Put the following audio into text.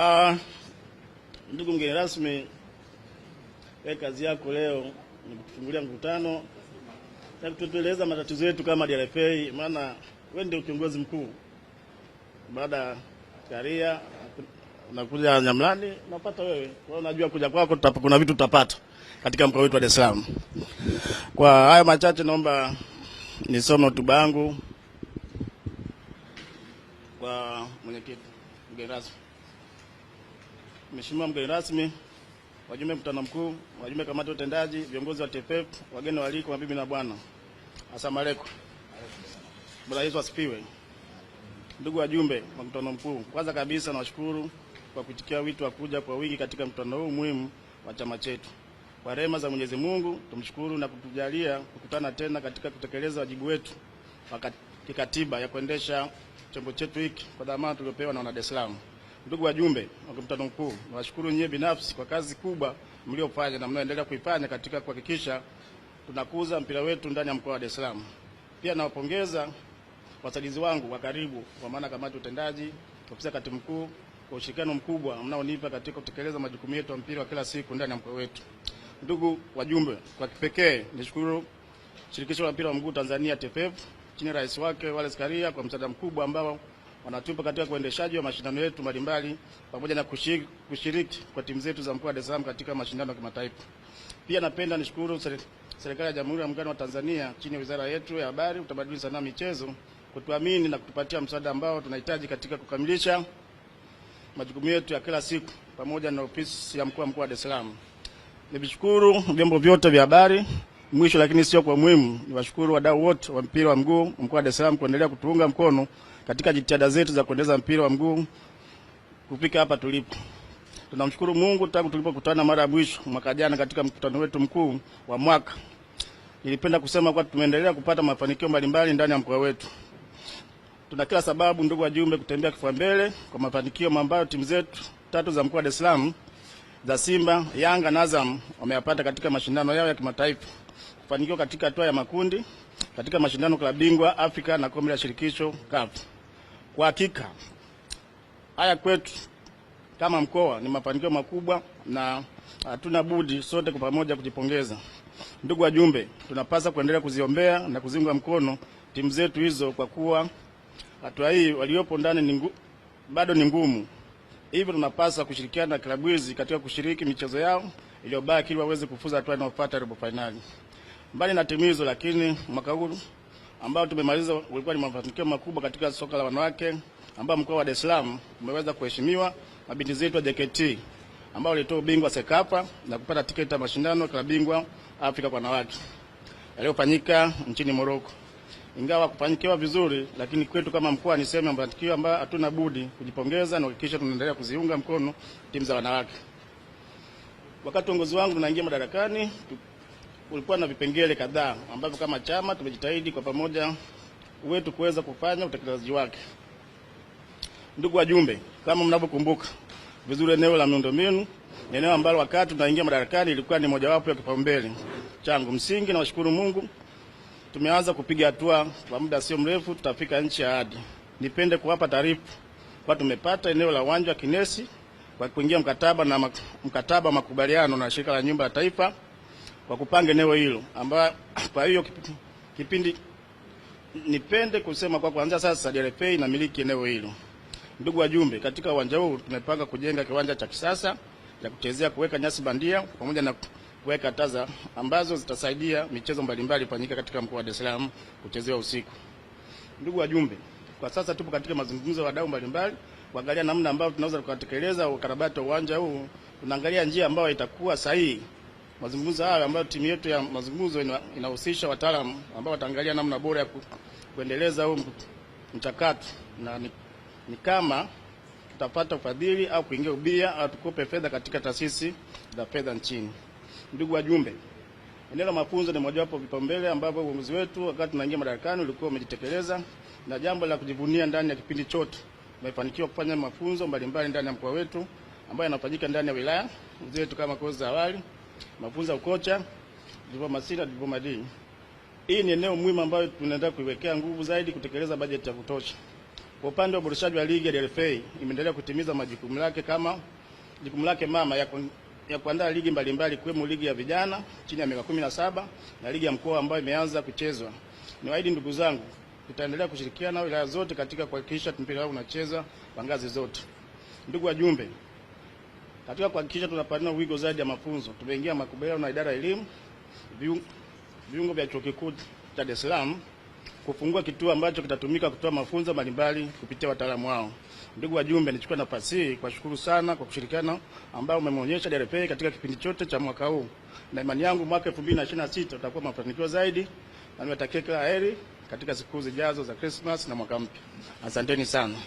Uh, ndugu mgeni rasmi, we kazi yako leo ni kutufungulia mkutano na kutueleza matatizo yetu kama DRPA, maana we ndio kiongozi mkuu. Baada ya Karia unakuja Nyamlani, unapata wewe kwa, unajua kuja kwako kuna vitu tutapata katika mkoa wetu wa Dar es Salaam. Kwa hayo machache, naomba nisome hotuba yangu kwa mwenyekiti mgeni rasmi. Mheshimiwa mgeni rasmi, wajumbe mkutano mkuu, wajumbe kamati utendaji, viongozi wa TFF, e wageni waliko, mabibi na bwana, asalamu alaykum. Bwana Yesu asifiwe. Ndugu wajumbe wa mkutano mkuu, kwanza kabisa nawashukuru kwa kuitikia wito wa kuja kwa wingi katika mkutano huu muhimu wa chama chetu. Kwa rehema za Mwenyezi Mungu tumshukuru na kutujalia kukutana tena katika kutekeleza wajibu wetu wa kikatiba ya kuendesha chombo chetu hiki kwa dhamana tuliopewa na wana Dar es Salaam. Ndugu wajumbe wa mkutano mkuu, nawashukuru nyie binafsi kwa kazi kubwa mliofanya na mnaendelea kuifanya katika kuhakikisha tunakuza mpira wetu ndani ya mkoa wa Dar es Salaam. Pia nawapongeza wasaidizi wangu wa karibu, kwa maana kamati utendaji, ofisa katibu mkuu, kwa ushirikiano mkubwa mnaonipa katika kutekeleza majukumu yetu ya mpira wa kila siku ndani ya mkoa wetu. Ndugu wajumbe, kwa kipekee nishukuru shirikisho la mpira wa mguu Tanzania TFF chini ya rais wake Wallace Karia kwa msaada mkubwa ambao wanatupa katika uendeshaji wa mashindano yetu mbalimbali pamoja na kushiriki, kushiriki kwa timu zetu za mkoa wa Dar es Salaam katika mashindano ya kimataifa. Pia napenda nishukuru serikali ya Jamhuri ya Muungano wa Tanzania chini ya wizara yetu ya Habari, Utamaduni, Sanaa Michezo kutuamini na kutupatia msaada ambao tunahitaji katika kukamilisha majukumu yetu ya kila siku pamoja na ofisi ya mkuu wa mkoa wa Dar es Salaam. Nimeshukuru vyombo vyote vya habari Mwisho lakini sio kwa muhimu, niwashukuru wadau wote wa mpira wa mguu mkoa wa Dar es Salaam kuendelea kutuunga mkono katika jitihada zetu za kuendeleza mpira wa mguu kufika hapa tulipo. Tunamshukuru Mungu tangu tulipokutana mara ya mwisho mwaka jana katika mkutano wetu mkuu wa mwaka, nilipenda kusema kwa tumeendelea kupata mafanikio mbalimbali ndani ya mkoa wetu. Tuna kila sababu, ndugu wajumbe, kutembea kifua mbele kwa mafanikio ambayo timu zetu tatu za mkoa wa Dar es Salaam za Simba, Yanga na Azam wameyapata katika mashindano yao ya kimataifa kufanikiwa katika hatua ya makundi katika mashindano klabu bingwa Afrika na kombe la shirikisho CAF. Kwa hakika haya kwetu kama mkoa ni mafanikio makubwa na hatuna budi sote kwa pamoja kujipongeza. Ndugu wajumbe, tunapasa kuendelea kuziombea na kuziunga mkono timu zetu hizo kwa kuwa hatua hii waliopo ndani bado ni ngumu, hivyo tunapasa kushirikiana na klabu hizi katika kushiriki michezo yao iliyobaki ili waweze kufuza hatua inayofuata robo fainali. Mbali na timizo, lakini mwaka huu ambao tumemaliza ulikuwa ni mafanikio makubwa katika soka la wanawake, ambao mkoa wa Dar es Salaam umeweza kuheshimiwa na binti zetu wa JKT ambao walitoa ubingwa Sekapa na kupata tiketi ya mashindano ya bingwa Afrika kwa wanawake yaliyofanyika nchini Morocco. Ingawa kufanikiwa vizuri, lakini kwetu kama mkoa ni sehemu ya mafanikio ambayo hatuna budi kujipongeza na kuhakikisha tunaendelea kuziunga mkono timu za wanawake. Wakati uongozi wangu tunaingia madarakani, ulikuwa na vipengele kadhaa ambavyo kama chama tumejitahidi kwa pamoja wetu kuweza kufanya utekelezaji wake. Ndugu wajumbe, kama mnavyokumbuka vizuri, eneo la miundombinu ni eneo ambalo wakati tunaingia madarakani ilikuwa ni mojawapo ya kipaumbele changu msingi, na washukuru Mungu tumeanza kupiga hatua. Kwa muda sio mrefu tutafika nchi ya ahadi. Nipende kuwapa taarifa kwa tumepata eneo la uwanja wa Kinesi kwa kuingia mkataba na mkataba makubaliano na shirika la nyumba ya taifa kwa kupanga eneo hilo ambayo. Kwa hiyo kipindi, kipindi nipende kusema kwa kuanzia sasa DRP inamiliki eneo hilo. Ndugu wajumbe, katika uwanja huu tumepanga kujenga kiwanja cha kisasa cha kuchezea, kuweka nyasi bandia pamoja na kuweka taza ambazo zitasaidia michezo mbalimbali kufanyika katika mkoa wa Dar es Salaam kuchezewa usiku. Ndugu wajumbe, kwa sasa tupo katika mazungumzo ya wadau mbalimbali kuangalia namna ambayo tunaweza kutekeleza ukarabati wa uwanja huu. Tunaangalia njia ambayo itakuwa sahihi Mazungumzo haya ambayo timu yetu ya mazungumzo inahusisha ina wataalamu ambao wataangalia namna bora ya kuendeleza huu mchakato, na ni, ni kama tutapata ufadhili au kuingia ubia au tukope fedha katika taasisi za fedha nchini. Ndugu wajumbe, eneo la mafunzo ni mojawapo vipaumbele ambavyo uongozi wetu wakati tunaingia madarakani ulikuwa umejitekeleza, na jambo la kujivunia, ndani ya kipindi chote tumefanikiwa kufanya mafunzo mbalimbali ndani ya mkoa wetu ambayo yanafanyika ndani ya wilaya zetu kama kozi za awali mafunzo ya ukocha, diploma na diploma D. Hii ni eneo muhimu ambayo tunaenda kuiwekea nguvu zaidi kutekeleza bajeti ya kutosha. Kwa upande wa uboreshaji wa ligi ya LFA imeendelea kutimiza majukumu yake kama jukumu lake mama ya, ku, ya kuandaa ligi mbalimbali ikiwemo ligi ya vijana chini ya miaka 17 na ligi ya mkoa ambayo imeanza kuchezwa. Niwaahidi ndugu zangu, tutaendelea kushirikiana na wilaya zote katika kuhakikisha mpira wao unacheza kwa ngazi zote. Ndugu wajumbe, katika kuhakikisha tunapanua wigo zaidi ya mafunzo, tumeingia makubaliano na idara ya elimu viungo vya chuo kikuu cha Dar es Salaam kufungua kituo ambacho kitatumika kutoa mafunzo mbalimbali kupitia wataalamu wao. Ndugu wajumbe, nichukue nafasi hii kuwashukuru sana kwa kushirikiana ambao umemwonyesha DRPA katika kipindi chote cha mwaka huu, na imani yangu mwaka 2026 utakuwa mafanikio zaidi, na niwatakie kila heri katika siku zijazo za Christmas na mwaka mpya. Asanteni sana.